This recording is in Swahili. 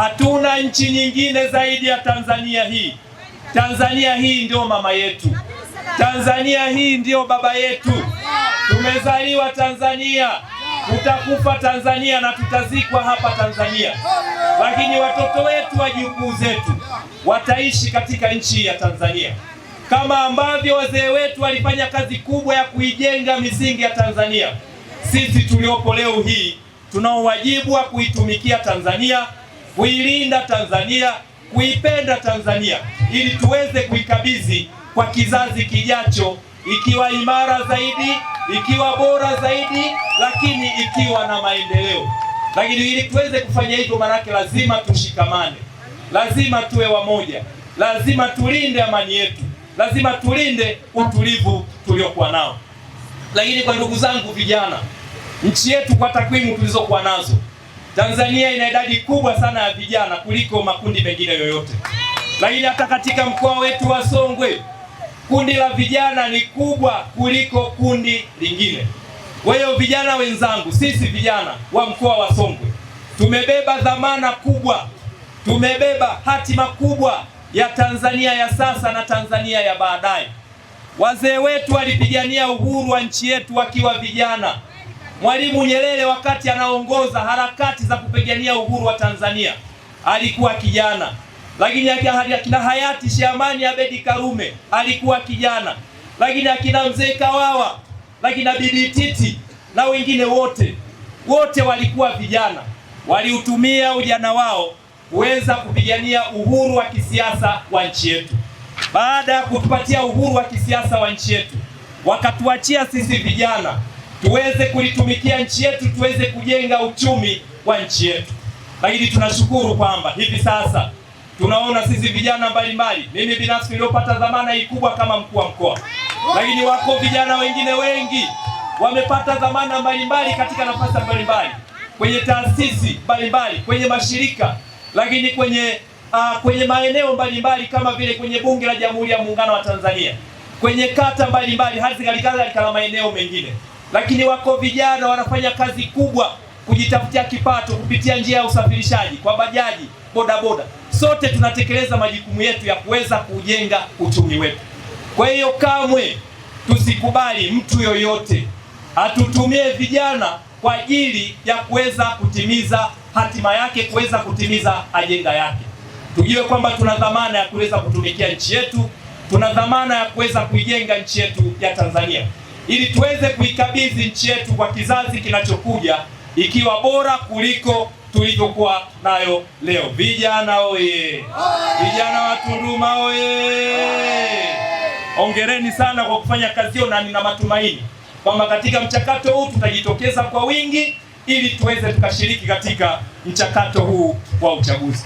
Hatuna nchi nyingine zaidi ya Tanzania hii. Tanzania hii ndio mama yetu, Tanzania hii ndio baba yetu. Tumezaliwa Tanzania, tutakufa Tanzania na tutazikwa hapa Tanzania, lakini watoto wetu, wajukuu zetu wataishi katika nchi ya Tanzania kama ambavyo wazee wetu walifanya kazi kubwa ya kuijenga misingi ya Tanzania. Sisi tuliopo leo hii tunao wajibu wa kuitumikia Tanzania kuilinda Tanzania, kuipenda Tanzania ili tuweze kuikabidhi kwa kizazi kijacho ikiwa imara zaidi, ikiwa bora zaidi, lakini ikiwa na maendeleo. Lakini ili tuweze kufanya hivyo, maanake lazima tushikamane, lazima tuwe wamoja, lazima tulinde amani yetu, lazima tulinde utulivu tuliokuwa nao. Lakini kwa ndugu zangu vijana, nchi yetu kwa takwimu tulizokuwa nazo Tanzania ina idadi kubwa sana ya vijana kuliko makundi mengine yoyote, lakini hata katika mkoa wetu wa Songwe kundi la vijana ni kubwa kuliko kundi lingine. Kwa hiyo vijana wenzangu, sisi vijana wa mkoa wa Songwe tumebeba dhamana kubwa, tumebeba hatima kubwa ya Tanzania ya sasa na Tanzania ya baadaye. Wazee wetu walipigania uhuru wa nchi yetu wakiwa vijana. Mwalimu Nyerere wakati anaongoza harakati za kupigania uhuru wa Tanzania alikuwa kijana, lakini akina hayati Sheikh Amani Abedi Karume alikuwa kijana, lakini akina mzee Kawawa, lakini Bibi Titi na wengine wote wote walikuwa vijana, waliutumia ujana wao kuweza kupigania uhuru wa kisiasa wa nchi yetu. Baada ya kutupatia uhuru wa kisiasa wa nchi yetu, wakatuachia sisi vijana tuweze kulitumikia nchi yetu, tuweze kujenga uchumi wa nchi yetu. Lakini tunashukuru kwamba hivi sasa tunaona sisi vijana mbalimbali, mimi binafsi niliopata dhamana hii kubwa kama mkuu wa mkoa, lakini wako vijana wengine wengi wamepata dhamana mbalimbali katika nafasi mbalimbali kwenye taasisi mbalimbali, kwenye mashirika, lakini kwenye uh, kwenye maeneo mbalimbali kama vile kwenye Bunge la Jamhuri ya Muungano wa Tanzania, kwenye kata mbalimbali, hadi katika maeneo mengine lakini wako vijana wanafanya kazi kubwa kujitafutia kipato kupitia njia ya usafirishaji kwa bajaji, bodaboda. Sote tunatekeleza majukumu yetu ya kuweza kujenga uchumi wetu. Kwa hiyo kamwe tusikubali mtu yoyote atutumie vijana kwa ajili ya kuweza kutimiza hatima yake, kuweza kutimiza ajenda yake. Tujue kwamba tuna dhamana ya kuweza kutumikia nchi yetu, tuna dhamana ya kuweza kuijenga nchi yetu ya Tanzania ili tuweze kuikabidhi nchi yetu kwa kizazi kinachokuja ikiwa bora kuliko tulivyokuwa nayo leo. Vijana oye! Vijana wa Tunduma oye! ongereni sana kwa kufanya kazi hiyo, na nina matumaini kwamba katika mchakato huu tutajitokeza kwa wingi ili tuweze tukashiriki katika mchakato huu wa uchaguzi.